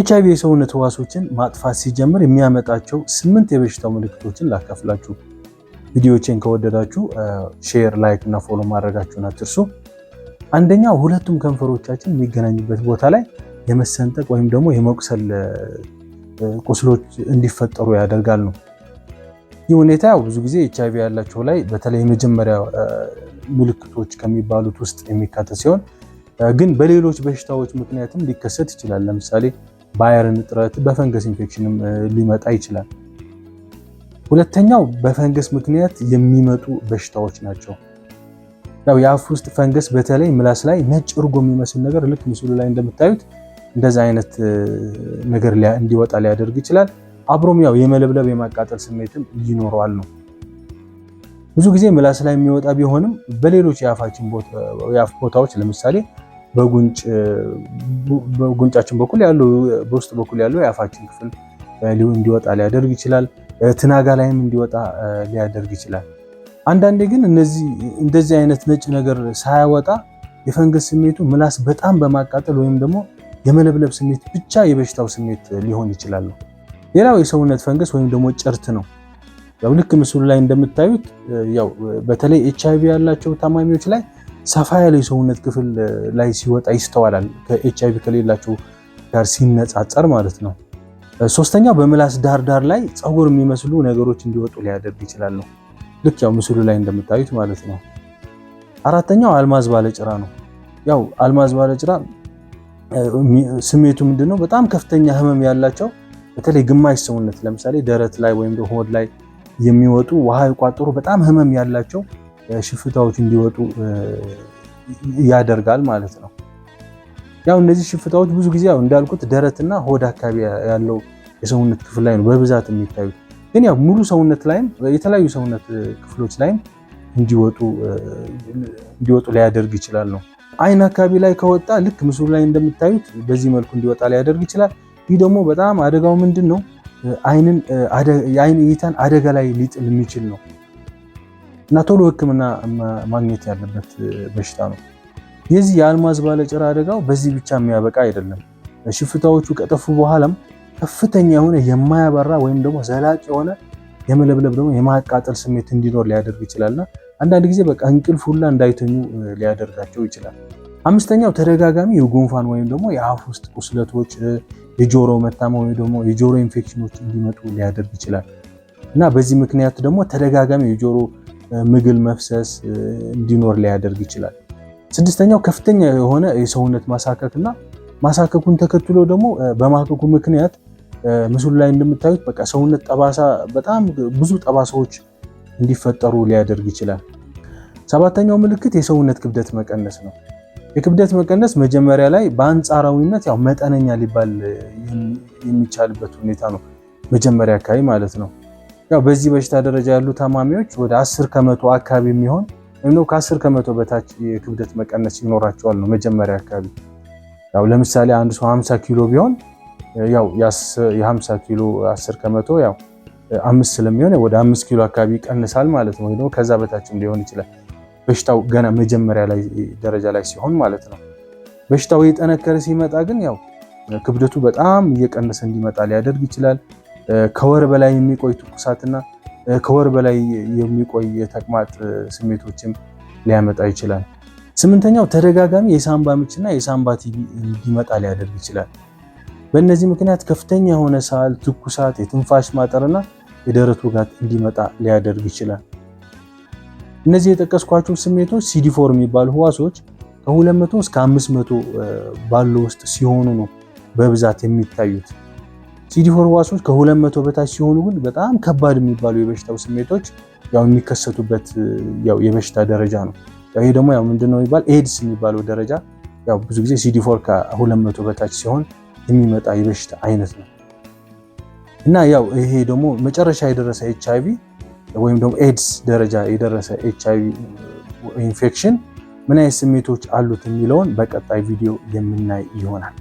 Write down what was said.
ኤች አይቪ የሰውነት ህዋሶችን ማጥፋት ሲጀምር የሚያመጣቸው ስምንት የበሽታው ምልክቶችን ላካፍላችሁ። ቪዲዮችን ከወደዳችሁ ሼር፣ ላይክ እና ፎሎ ማድረጋችሁን አትርሱ። አንደኛው ሁለቱም ከንፈሮቻችን የሚገናኙበት ቦታ ላይ የመሰንጠቅ ወይም ደግሞ የመቁሰል ቁስሎች እንዲፈጠሩ ያደርጋል ነው። ይህ ሁኔታ ያው ብዙ ጊዜ ኤች አይቪ ያላቸው ላይ በተለይ የመጀመሪያ ምልክቶች ከሚባሉት ውስጥ የሚካተት ሲሆን ግን በሌሎች በሽታዎች ምክንያትም ሊከሰት ይችላል። ለምሳሌ በአይረን እጥረት በፈንገስ ኢንፌክሽንም ሊመጣ ይችላል። ሁለተኛው በፈንገስ ምክንያት የሚመጡ በሽታዎች ናቸው። ያው የአፍ ውስጥ ፈንገስ በተለይ ምላስ ላይ ነጭ እርጎ የሚመስል ነገር ልክ ምስሉ ላይ እንደምታዩት እንደዚህ አይነት ነገር እንዲወጣ ሊያደርግ ይችላል። አብሮም ያው የመለብለብ የማቃጠል ስሜትም ይኖረዋል ነው። ብዙ ጊዜ ምላስ ላይ የሚወጣ ቢሆንም በሌሎች የአፍ ቦታዎች ለምሳሌ በጉንጫችን በኩል ያለው በውስጥ በኩል ያለው የአፋችን ክፍል እንዲወጣ ሊያደርግ ይችላል። ትናጋ ላይም እንዲወጣ ሊያደርግ ይችላል። አንዳንዴ ግን እነዚህ እንደዚህ አይነት ነጭ ነገር ሳያወጣ የፈንገስ ስሜቱ ምላስ በጣም በማቃጠል ወይም ደግሞ የመለብለብ ስሜት ብቻ የበሽታው ስሜት ሊሆን ይችላል። ሌላው የሰውነት ፈንገስ ወይም ደግሞ ጭርት ነው። ያው ልክ ምስሉ ላይ እንደምታዩት ያው በተለይ ኤች አይ ቪ ያላቸው ታማሚዎች ላይ ሰፋ ያለ የሰውነት ክፍል ላይ ሲወጣ ይስተዋላል ከኤች አይቪ ከሌላቸው ጋር ሲነጻጸር ማለት ነው። ሶስተኛው በምላስ ዳር ዳር ላይ ፀጉር የሚመስሉ ነገሮች እንዲወጡ ሊያደርግ ይችላል ነው ልክ ያው ምስሉ ላይ እንደምታዩት ማለት ነው። አራተኛው አልማዝ ባለጭራ ነው። ያው አልማዝ ባለጭራ ስሜቱ ምንድነው? በጣም ከፍተኛ ህመም ያላቸው በተለይ ግማሽ ሰውነት ለምሳሌ ደረት ላይ ወይም ሆድ ላይ የሚወጡ ውሃ የቋጠሩ በጣም ህመም ያላቸው ሽፍታዎች እንዲወጡ ያደርጋል ማለት ነው። ያው እነዚህ ሽፍታዎች ብዙ ጊዜ ያው እንዳልኩት ደረትና ሆድ አካባቢ ያለው የሰውነት ክፍል ላይ ነው በብዛት የሚታዩት። ግን ያው ሙሉ ሰውነት ላይም የተለያዩ ሰውነት ክፍሎች ላይም እንዲወጡ እንዲወጡ ሊያደርግ ይችላል ነው። አይን አካባቢ ላይ ከወጣ ልክ ምስሉ ላይ እንደምታዩት በዚህ መልኩ እንዲወጣ ሊያደርግ ይችላል። ይህ ደግሞ በጣም አደጋው ምንድን ነው? አይንን የአይን እይታን አደጋ ላይ ሊጥል የሚችል ነው። እና ቶሎ ሕክምና ማግኘት ያለበት በሽታ ነው። የዚህ የአልማዝ ባለጭራ አደጋው በዚህ ብቻ የሚያበቃ አይደለም። ሽፍታዎቹ ከጠፉ በኋላም ከፍተኛ የሆነ የማያበራ ወይም ደግሞ ዘላቂ የሆነ የመለብለብ ደግሞ የማቃጠል ስሜት እንዲኖር ሊያደርግ ይችላልና አንዳንድ ጊዜ በቃ እንቅልፍ ሁላ እንዳይተኙ ሊያደርጋቸው ይችላል። አምስተኛው ተደጋጋሚ የጉንፋን ወይም ደግሞ የአፍ ውስጥ ቁስለቶች፣ የጆሮ መታመም ወይም ደግሞ የጆሮ ኢንፌክሽኖች እንዲመጡ ሊያደርግ ይችላል እና በዚህ ምክንያት ደግሞ ተደጋጋሚ የጆሮ ምግል መፍሰስ እንዲኖር ሊያደርግ ይችላል። ስድስተኛው ከፍተኛ የሆነ የሰውነት ማሳከክ እና ማሳከኩን ተከትሎ ደግሞ በማከኩ ምክንያት ምስሉ ላይ እንደምታዩት በቃ ሰውነት ጠባሳ በጣም ብዙ ጠባሳዎች እንዲፈጠሩ ሊያደርግ ይችላል። ሰባተኛው ምልክት የሰውነት ክብደት መቀነስ ነው። የክብደት መቀነስ መጀመሪያ ላይ በአንጻራዊነት ያው መጠነኛ ሊባል የሚቻልበት ሁኔታ ነው፣ መጀመሪያ አካባቢ ማለት ነው። ያው በዚህ በሽታ ደረጃ ያሉ ታማሚዎች ወደ 10 ከመቶ አካባቢ የሚሆን ወይም ከ10 ከመቶ በታች የክብደት መቀነስ ይኖራቸዋል ነው መጀመሪያ አካባቢ። ያው ለምሳሌ አንድ ሰው 50 ኪሎ ቢሆን ያው የ50 ኪሎ 10 ከመቶ ያው አምስት ስለሚሆን ወደ አምስት ኪሎ አካባቢ ይቀንሳል ማለት ነው። ወይ ከዛ በታችም ሊሆን ይችላል በሽታው ገና መጀመሪያ ላይ ደረጃ ላይ ሲሆን ማለት ነው። በሽታው እየጠነከረ ሲመጣ ግን ያው ክብደቱ በጣም እየቀነሰ እንዲመጣ ሊያደርግ ይችላል። ከወር በላይ የሚቆይ ትኩሳትና ከወር በላይ የሚቆይ የተቅማጥ ስሜቶችም ሊያመጣ ይችላል። ስምንተኛው ተደጋጋሚ የሳምባ ምችና የሳምባ ቲቪ እንዲመጣ ሊያደርግ ይችላል። በእነዚህ ምክንያት ከፍተኛ የሆነ ሳል፣ ትኩሳት፣ የትንፋሽ ማጠርና የደረት ውጋት እንዲመጣ ሊያደርግ ይችላል። እነዚህ የጠቀስኳቸው ስሜቶች ሲዲፎር የሚባሉ ህዋሶች ከሁለት መቶ እስከ አምስት መቶ ባለው ውስጥ ሲሆኑ ነው በብዛት የሚታዩት። ሲዲ ፎር ዋሶች ከሁለት መቶ በታች ሲሆኑ ግን በጣም ከባድ የሚባሉ የበሽታው ስሜቶች ያው የሚከሰቱበት ያው የበሽታ ደረጃ ነው። ይሄ ደግሞ ያው ምንድነው የሚባል ኤድስ የሚባለው ደረጃ ያው ብዙ ጊዜ ሲዲ ፎር ከሁለት መቶ በታች ሲሆን የሚመጣ የበሽታ አይነት ነው እና ያው ይሄ ደግሞ መጨረሻ የደረሰ ኤች አይ ቪ ወይም ደግሞ ኤድስ ደረጃ የደረሰ ኤች አይ ቪ ኢንፌክሽን ምን አይነት ስሜቶች አሉት የሚለውን በቀጣይ ቪዲዮ የምናይ ይሆናል።